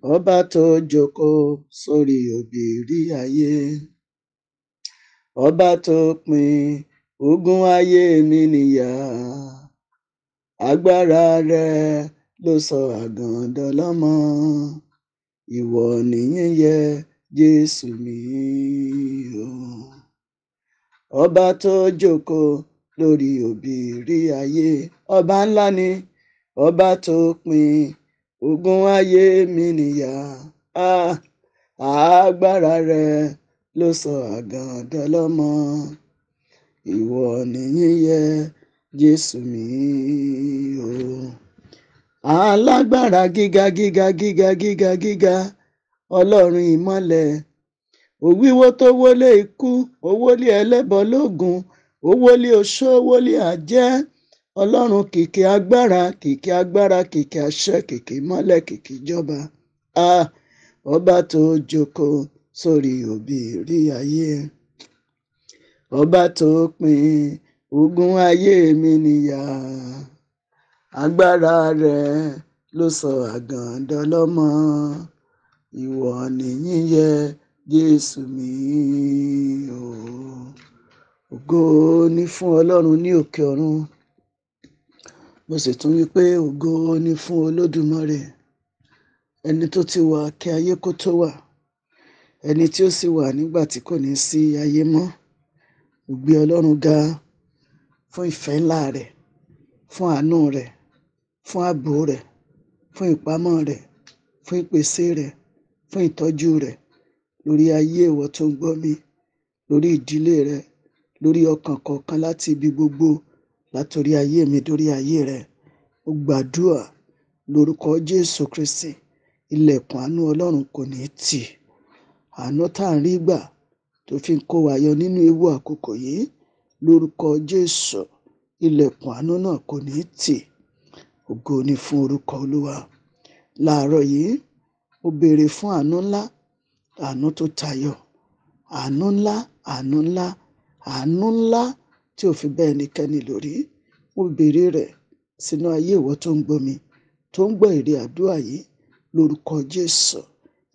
ọba tó jókòó sórí òbírí ayé ọba tó pin ogún ayé mi níyà agbára rẹ ló sọ àgàn dọlọ́mọ ìwọ nìyẹn yẹ jésù mi o ọba tó jókòó lórí òbírí ayé ọba ńlá ni ọba tó pin ogún ayé mi níyà ah, agbára rẹ ló sọ àgàndá lọ́mọ ìwọ nìyí yẹ jésù mi o. alágbára gíga gíga gíga gíga gíga ọlọ́run ìmọ́lẹ̀ òwíwó tó wọlé ikú owólé ẹlẹ́bọ lógun owólé oṣó owólé àjẹ́ ọlọ́run kìkì agbára kìkì agbára kìkì àṣẹ kìkì mọ́lẹ̀ kìkì ìjọba ah, ọba tó jókòó sórí òbìrí ayé ọba tó pín ogún ayé mi nìyà agbára rẹ̀ ló sọ àgàndàn lọ́mọ ìwọ nìyìn yẹ jésù mi o ògo ni fún ọlọ́run ní òkè ọ̀run mo sì tún wí pé ògo ni fún olódùmarè ẹni tó ti wà kí ayé kó tó wà ẹni tí ó sì wà nígbà tí kò ní sí ayé mọ́ ó gbé ọlọ́run ga fún ìfẹ́ ńlá rẹ̀ fún àánú rẹ̀ fún ààbò rẹ̀ fún ìpamọ́ rẹ̀ fún ìpèsè rẹ̀ fún ìtọ́jú rẹ̀ lórí ayé ìwọ tó ń gbọ́ mi lórí ìdílé rẹ lórí ọkàn kọ̀ọ̀kan láti ibi gbogbo látòrí ayé mi dórí ayé rẹ ó gbàdúà lórúkọ Jésù Kristi ilẹ̀kùn àánú Ọlọ́run kò ní tì àánú tá à ń rí gbà tó fi ń kó wa yọ nínú ewu àkókò yìí lórúkọ Jésù ilẹ̀kùn àánú náà kò ní tì ògo ni fún orúkọ Olúwa láàárọ̀ yìí mo béèrè fún àánú ńlá àánú tó tayọ àánú ńlá àánú ńlá àánú ńlá tí ò fi bẹ́ẹ̀ nìkẹ́ni lórí mo béèrè rẹ̀ sínú ayé ìwọ tó ń gbọ́ mi tó ń gbọ́ èrè àdúrà yìí lórúkọ Jésù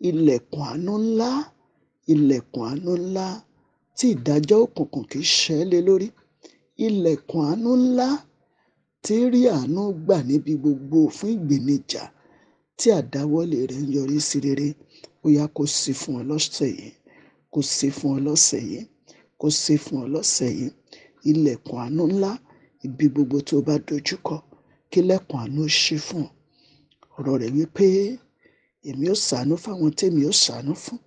ilẹ̀kùn àánú ńlá ilẹ̀kùn àánú ńlá tí ìdájọ́ òkùnkùn kìí ṣẹ́ lé lórí ilẹ̀kùn àánú ńlá tí rí àánú gbà níbi gbogbo fún ìgbènijà tí àdáwọ́lé rẹ̀ ń yọrí sí rere ó yá kó sí fún ọ lọ́sẹ̀ yìí kó sí fún ọ lọ́sẹ̀ yìí kó sí fún ọ lọ́sẹ̀ yìí ilẹ̀kùn àánú ńlá ibi gbogbo tó o bá dojúkọ kílẹ̀kùn àánú ṣí fún ọ ọ̀rọ̀ rẹ̀ wípé èmi ó ṣàánú fáwọn tèmi ó ṣàánú fún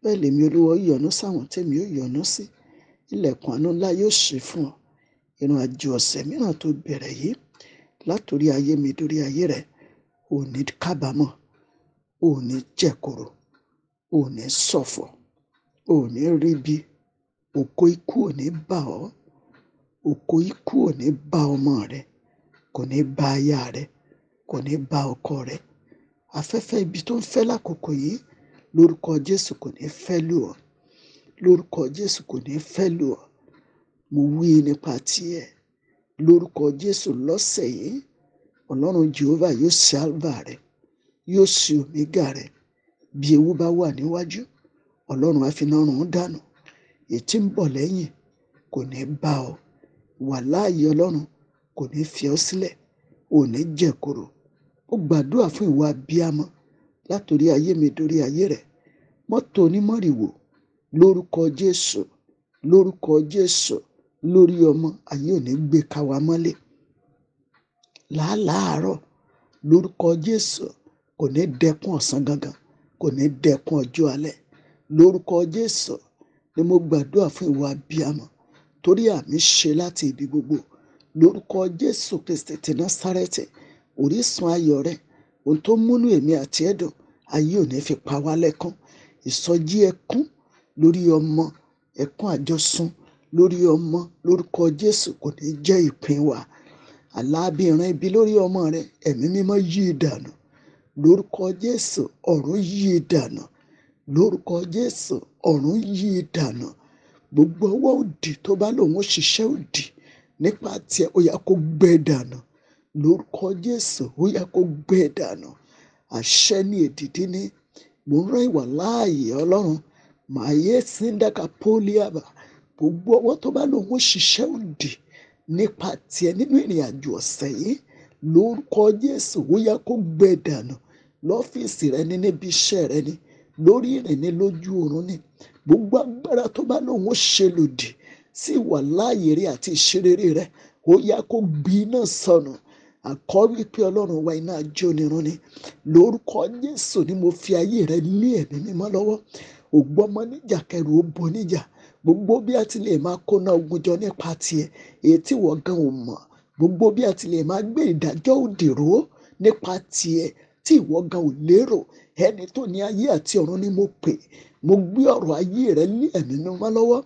bẹ́ẹ̀ lèmi olúwa ó yọ́nú sáwọn tèmi ó yọ́nú sí ilẹ̀kùn àánú ńlá yóò ṣe fún ọ ìrìn àjò ọ̀sẹ̀ mìíràn tó bẹ̀rẹ̀ yìí látòrí ayé mi dórí ayé rẹ ò ní kábàámọ̀ ò ní jẹ̀kọ̀rọ̀ ò ní ṣọ̀fọ̀ ò ní ríbi òkó ikú ò ní bà ọ́ òkó ikú ò ní bá ọmọ rẹ kò ní bá aya rẹ kò ní bá ọkọ rẹ afẹ́fẹ́ ibi tó ń fẹ́ lákòókò yìí lórúkọ Jésù kò ní fẹ́ lù ọ́ lórúkọ Jésù kò ní fẹ́ lù ọ́ mo wí nípa tiẹ̀ lórúkọ Jésù lọ́sẹ̀ yìí Ọlọ́run Jehovah yóò ṣe alba rẹ yóò ṣe omega rẹ bí ewu bá wà níwájú Ọlọ́run afinarun dànù ètí ń bọ̀ lẹ́yìn kò ní bá ọ wà láàyè Ọlọ́run kò ní fi ọ́ sílẹ̀ ò ní jẹ̀kúrò mo gbàdúrà fún ìwà abiyamọ látòrí ayé mi dórí ayé rẹ mọtò onímọrìwò lórúkọ jésù lórúkọ jésù lórí ọmọ ayé òní gbé káwa mọ́lẹ̀ làálàárọ̀ lórúkọ jésù kò ní dẹkùn ọ̀sán gangan kò ní dẹkùn ọjọ́ alẹ́ lórúkọ jésù ni mo gbàdúrà fún ìwà abiyamọ torí àmì ṣe láti ibi gbogbo lórúkọ jésù kristi ti násárẹ́tì orísun ayọ̀ rẹ ohun tó múnú èmi àti ẹ̀dùn ayé ò ní fi pa wá lẹ́kún ìsọjí ẹkún lórí ọmọ ẹkún àjọsùn lórí ọmọ lórúkọ Jésù kò ní jẹ́ ìpín wa àlábìrin ibi lórí ọmọ rẹ ẹ̀mí mímọ́ yí i dànù lórúkọ Jésù ọ̀run yí i dànù lórúkọ Jésù ọ̀run yí i gbogbo ọwọ́ òdì tó bá lòun ó ṣiṣẹ́ òdì nípa tiẹ̀ ó yá kó gbẹ dànù lórúkọ Jésù ó yá kó gbé e dànù àṣẹ ní èdìdí ní mò ń rán ìwà láàyè Ọlọ́run màá yé síndaka pólíàbà gbogbo ọwọ́ tó bá lòun ó ṣiṣẹ́ òdì nípa tiẹ̀ nínú ìrìn àjò ọ̀sẹ̀ yìí lórúkọ Jésù ó yá kó gbé e dànù lọ́fíìsì rẹ ní níbi iṣẹ́ rẹ ní lórí ìrìn ní lójú oorun ní gbogbo agbára tó bá lòun ṣe lòdì sí ìwà láàyè rẹ àti ìṣerere rẹ ó yá kó gbiná sọnù àkọ́rí pé ọlọ́run wa iná jó nírun ni lórúkọ jésù ni mo fi ayé rẹ lé ẹ̀mí mímọ́ lọ́wọ́ ògbọ́mọ níjà kẹrù ó bo níjà gbogbo bí a ti lè máa kóná ogun jọ nípa tiẹ̀ èyí tí wọ́n gan ò mọ̀ gbogbo bí a ti lè máa gbé ìdájọ́ òdìrò nípa tiẹ̀ tí ìwọ gan ò lérò ẹni tó ní ayé àti ọ̀run ni mo pè mo gbé ọ̀rọ̀ ayé rẹ lé ẹ̀mí mímọ́ lọ́wọ́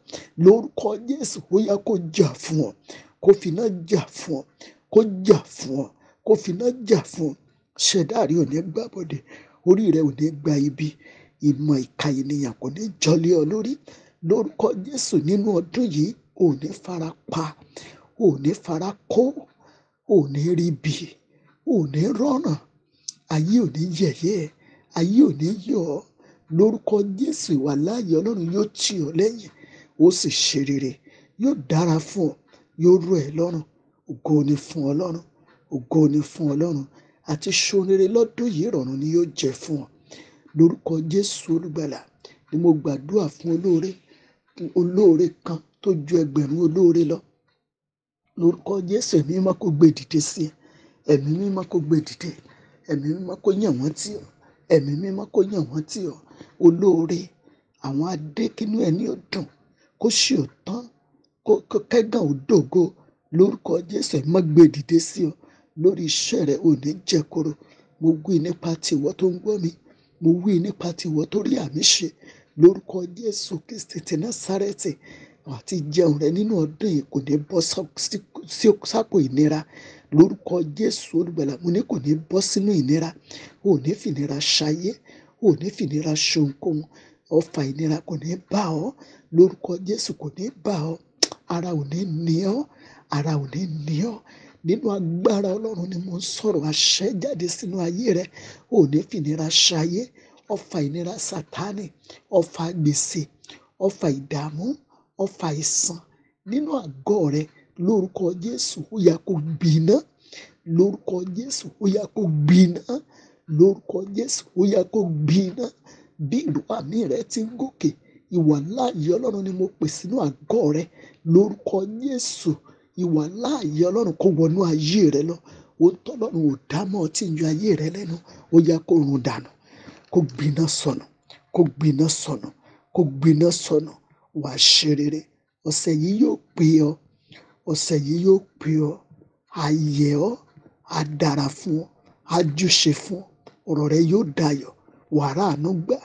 lórúkọ jésù ó yá kó jà fún ọ kó finá jà fún ọ kó jà fún ọ kó finá jà fún ọ ṣẹ̀dá rẹ ò ní gbàbọ̀dẹ̀ orí rẹ ò ní gba ibi ìmọ̀ ìka ènìyàn kò ní jọlé ọ lórí lórúkọ Jésù nínú ọdún yìí ò fara pa ò ní fara kó ò ní rí bi ò ní rọrùn ayé ò ní yẹ̀yẹ́ ayé ò ní yọ ọ lórúkọ Jésù ìwà láàyè Ọlọ́run yóò tì ọ lẹ́yìn ó sì ṣe rere yóò dára fún ọ yóò rọ̀ ẹ́ lọ́rùn ògo ni fún ọlọ́run ògo ni fún ọlọ́run àti ṣoríire lọ́dún yìí ìrọ̀rùn ni yóò jẹ́ fún ọ lórúkọ jésù olùgbàlà ni mo gbàdúrà fún olóore olóore kan tó ju ẹgbẹ̀rún olóore lọ lórúkọ jésù ẹ̀mí mímọ́ kó gbé dìde sí ẹ ẹ̀mí mímọ́ kó gbé dìde ẹ̀mí mímọ́ kó yàn wọ́n tì ọ́ ẹ̀mí mímọ́ kó yàn wọ́n tì ọ́ olóore àwọn adé kínú ẹni ó dùn kó sì ó tán kó kẹ́gàn ó dògo lórúkọ Jésù ẹ̀mí mọ́ gbé dìde sí ọ lórí iṣẹ́ rẹ ò jẹ koro mo wí nípa tìwọ tó ń gbọ́ mi mo wí nípa tìwọ tó rí àmì ṣe lórúkọ Jésù Kristi ti Násárẹ́tì àti jẹun rẹ nínú ọdún yìí kò ní bọ́ sápò ìnira lórúkọ Jésù olùgbàlà mo ní kò ní bọ́ sínú ìnira ò ní fìnira ṣayé ò ní fìnira ṣohunkóhun ọfà ìnira kò ní bá ọ lórúkọ Jésù kò ní bá ọ ara ò ní ní ọ́ ara ò ní ní ọ́ nínú agbára ọlọ́run ni mo ń sọ̀rọ̀ àṣẹ jáde sínú ayé rẹ ò ní fìnira ṣayé ọfà ìnira sátánì ọfà gbèsè ọfà ìdààmú ọfà ìsàn nínú àgọ́ rẹ lórúkọ jésù ó yá kó gbiná lórúkọ jésù ó yá kó gbiná lórúkọ jésù ó yá kó gbiná bí ìlú àmì rẹ ti ń gòkè Ìwà ńlá yìí Ọlọ́run ni mo pè sínú àgọ́ rẹ lórúkọ Jésù. Ìwà ńlá yìí Ọlọ́run kó wọnú ayé rẹ lọ. Ohun tọ́lọ́run ò dámọ̀ tí ń yọ ayé rẹ lẹ́nu, ó yá kó run dànù, kó gbiná sọnù, kó gbiná sọnù, kó gbiná sọnù. Wà á ṣe rere. Ọ̀sẹ̀ yìí yóò pé ọ. Ọ̀sẹ̀ yìí yóò pé ọ. A yẹ̀ ọ́, a dára fún ọ, a júṣe fún Ọ̀rọ̀ rẹ yóò dayọ̀. Wà á ràánú gbà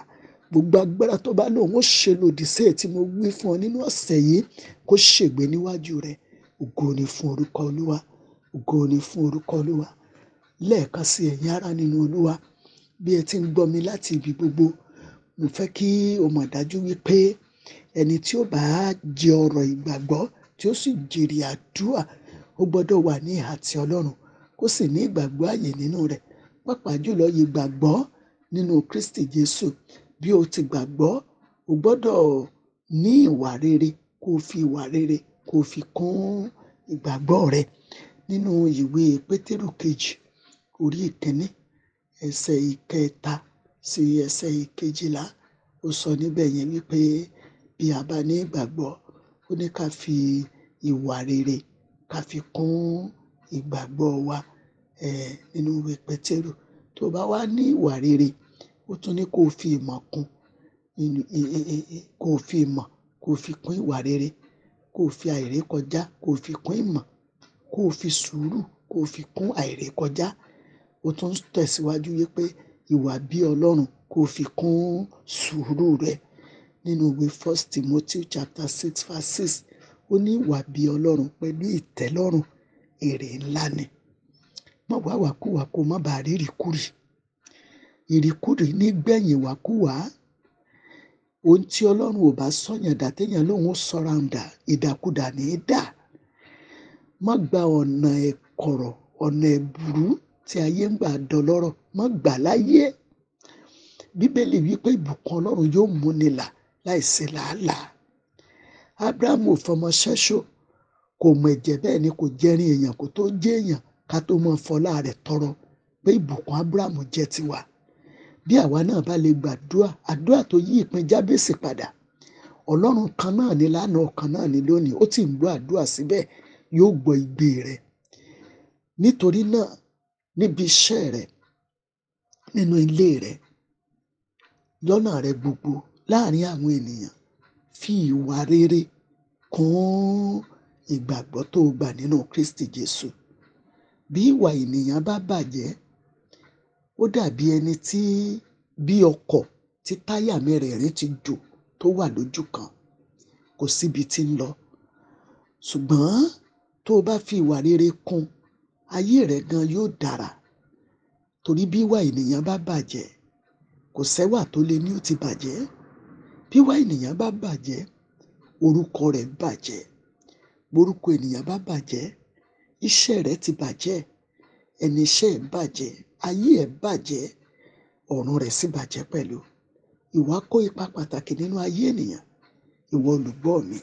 gbogbo agbára tó bá lòun ó ṣe lòdì sí ẹ̀ tí mo wí fún ọ nínú ọ̀sẹ̀ yìí kó ṣègbè níwájú rẹ ògo ni fún orúkọ olúwa ògo ni fún orúkọ olúwa lẹ́ẹ̀kan sí ẹ̀yin ará nínú olúwa bí ẹ ti ń gbọ́ mi láti ibi gbogbo mo fẹ́ kí o mọ̀ dájú wípé ẹni tí ó bá jẹ ọ̀rọ̀ ìgbàgbọ́ tí ó sì jèrè àdúrà ó gbọ́dọ̀ wà ní ìhà ti Ọlọ́run kó sì ní ìgbàgbọ́ ààyè nínú rẹ̀ pàápàá jùlọ ìgbàgbọ́ nínú Kristi Jésù bí o ti gbàgbọ́ o gbọ́dọ̀ ní ìwà rere kó o fi ìwà rere kó o fi kún ìgbàgbọ́ rẹ nínú ìwé pétérù kejì orí ìkíní ẹsẹ̀ ìkẹta sí ẹsẹ̀ ìkejìlá ó sọ níbẹ̀ yẹn wípé bí a bá ní ìgbàgbọ́ ó ní ká fi ìwà rere ká fi kún ìgbàgbọ́ wa um nínú ìwé pétérù tó o bá wá ní ìwà rere ó tún ní kó o fi ìmọ̀ kún kó o fi ìmọ̀ kó o fi kún ìwà rere kó o fi àìrékọjá kó fi kún ìmọ̀ kó fi sùúrù kó fi kún àìrékọjá ó tún tẹ̀síwájú wípé ìwà bí Ọlọ́run kó fi kún sùúrù rẹ nínú ìwé First Timothy chapter six verse six ó ní ìwà bí Ọlọ́run pẹ̀lú ìtẹ́lọ́rùn èrè ńlá ni má wàwákùwà kó má bàa rírìkúrì ìríkúrìí nígbẹ̀yìn ìwàkuwà ohun tí Ọlọ́run ò bá sọ̀yàn dà téèyàn lòun ó sọra ń dà ìdàkudà ní í dà má gba ọ̀nà ẹ̀kọ̀rọ̀ ọ̀nà ẹ̀bùrú tí ayé ń gbà dọlọ́rọ̀ má gbà láyé bíbélì wípé ìbùkún Ọlọ́run yóò múni là láìsí làálàá Abraham ò fọmọ ṣẹ́ṣó kò mọ̀ ẹ̀jẹ̀ bẹ́ẹ̀ ni kò jẹrin èèyàn kó tó jẹ́ èèyàn ká tó mọ fọlá rẹ̀ tọrọ pé ìbùkún Abraham jẹ́ tiwa bí àwa náà bá lè gbàdúrà àdúrà tó yí ìpín jábèsì padà ọlọ́run kan náà ni lánàá ọ̀kan náà ni lónìí ó ti ń gbọ́ àdúrà síbẹ̀ yóò gbọ́ igbe rẹ nítorí náà níbi iṣẹ́ rẹ nínú ilé rẹ lọ́nà rẹ gbogbo láàrin àwọn ènìyàn fi ìwà rere kún ìgbàgbọ́ tó gbà Kristi Jésù bí ìwà ènìyàn bá bàjẹ́ ó dàbí ẹni tí bí ọkọ̀ tí táyà mẹ́rẹ̀ẹ̀rin ti jò tó wà lójú kan kò síbi tí ń lọ ṣùgbọ́n tó o bá fi ìwà rere kún ayé rẹ gan yóò dára torí bí ìwà ènìyàn bá bàjẹ́ kò sẹ́wà tó le ní ó ti bàjẹ́ bí ìwà ènìyàn bá bàjẹ́ orúkọ rẹ̀ bàjẹ́ borúkọ ènìyàn bá bàjẹ́ iṣẹ́ rẹ̀ ti bàjẹ́ ẹni iṣẹ́ ẹ̀ bàjẹ́ ayé ẹ̀ bàjẹ́ ọ̀run rẹ̀ sì bàjẹ́ pẹ̀lú ìwà kó ipa pàtàkì nínú ayé ènìyàn ìwọ olùgbọ́ mi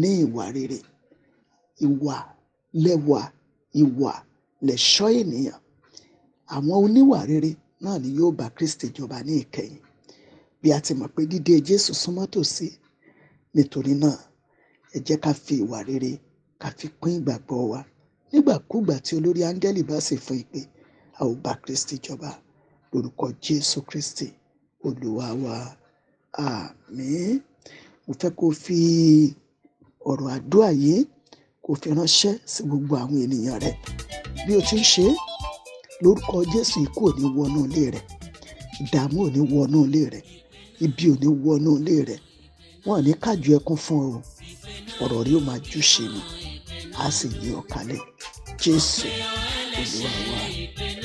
ní ìwà rere ìwà lẹwà ìwà lẹ̀ṣọ́ ènìyàn àwọn oníwà rere náà ni yóò bá Kristi jọba ní ìkẹyìn bí a ti mọ̀ pé dídé Jésù súnmọ́ tòsí nítorí náà ẹ jẹ́ ká fi ìwà rere ká fi pín ìgbàgbọ́ wa nígbàkúgbà tí olórí áńgẹ́lì bá sì fún ìpè a ó gba Kristi jọba lórúkọ Jésù Kristi Olúwa wa àmín mo fẹ́ kó fi ọ̀rọ̀ àdúrà yìí kó fi ránṣẹ́ sí gbogbo àwọn ènìyàn rẹ bí o ti ń ṣe lórúkọ Jésù ikú ò ní wọnú ilé rẹ ìdààmú ò ní wọnú ilé rẹ ibi ò ní wọnú ilé rẹ wọn ní kájú ẹkún fún ọ ọ̀rọ̀ rí ó máa jù ṣe ni a sì yí ọ Jésù Olúwa wa.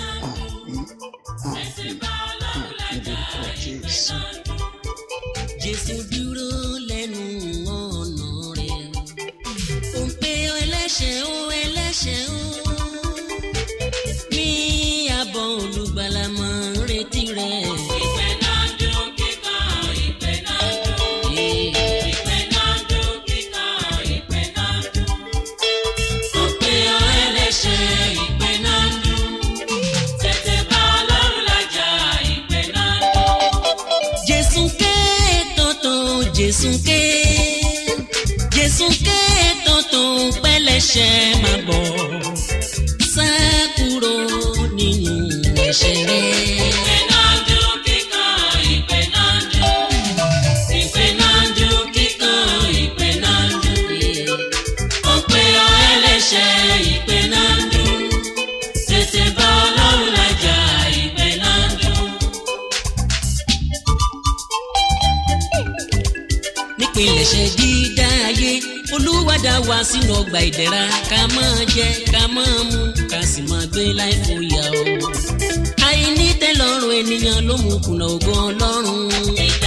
jésù jésù dúró lẹ́nu ọ̀nà rẹ̀ ó ń pe ẹlẹ́ṣẹ̀ ó ẹlẹ́ṣẹ̀ ó. ẹlẹ́ṣẹ̀ máa bọ̀ sá kúrò nínú ẹ̀ṣẹ̀ sínú ọgbà ìdẹ̀ra ká máa jẹ ká máa mu ká sì máa gbé láì fòyà o. àìní tẹ́lọ́rùn ènìyàn ló mú kùnà ògo Ọlọ́run.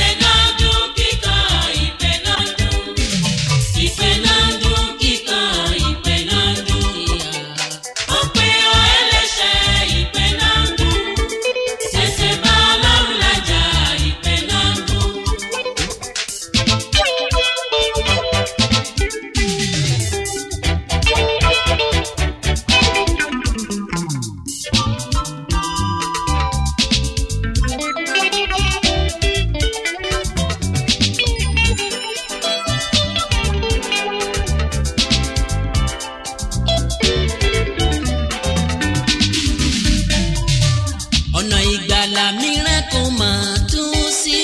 àlàmíràn kò máa tún sí.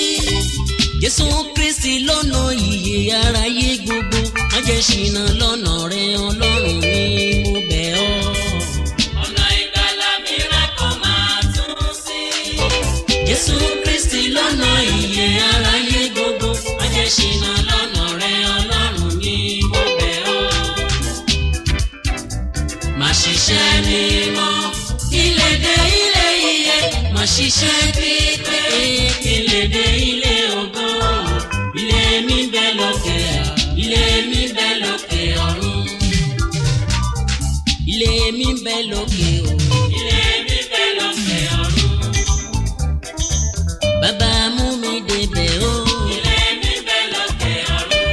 Jésù Kristi lọ́nà ìyè aráyé gbogbo, má jẹ́ ṣìnà lọ́nà rẹ Ọlọ́run mi mo bẹ̀ ọ́. Ọ̀nà ìgbàlà mìíràn kò máa tún sí. Jésù Kristi lọ́nà ìyè aráyé gbogbo, má jẹ́ ṣìnà lọ́nà rẹ Ọlọ́run mi mo bẹ̀ ọ́. Má ṣiṣẹ́ mímọ́, ilẹ̀ dé ilẹ̀ ṣiṣẹ́ pípé kí dé ilé ògo ilé mi bẹ lókè ilé mi bẹ lókè ọ̀run ilé mi bẹ lókè ilé mi bẹ lókè ọ̀run bàbá mú mi débẹ̀ o. ilé mi bẹ lókè ọ̀run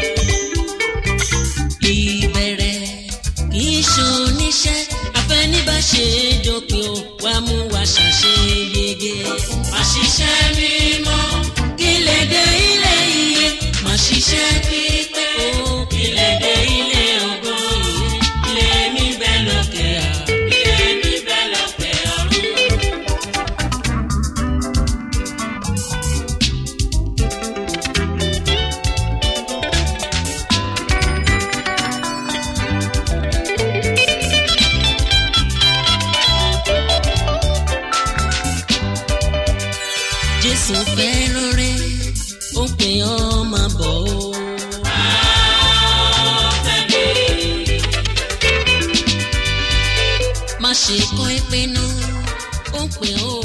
ìbẹ̀rẹ̀ kì í ṣoníṣẹ́ afẹ́nibàṣe àṣìṣe mímọ́ ilé dé ilé iye màṣìṣe kíkọ́. sùn fẹ́ lóore ó pè ọ́ máa bọ̀ ṣe kọ́ ẹ ó pè ọ́.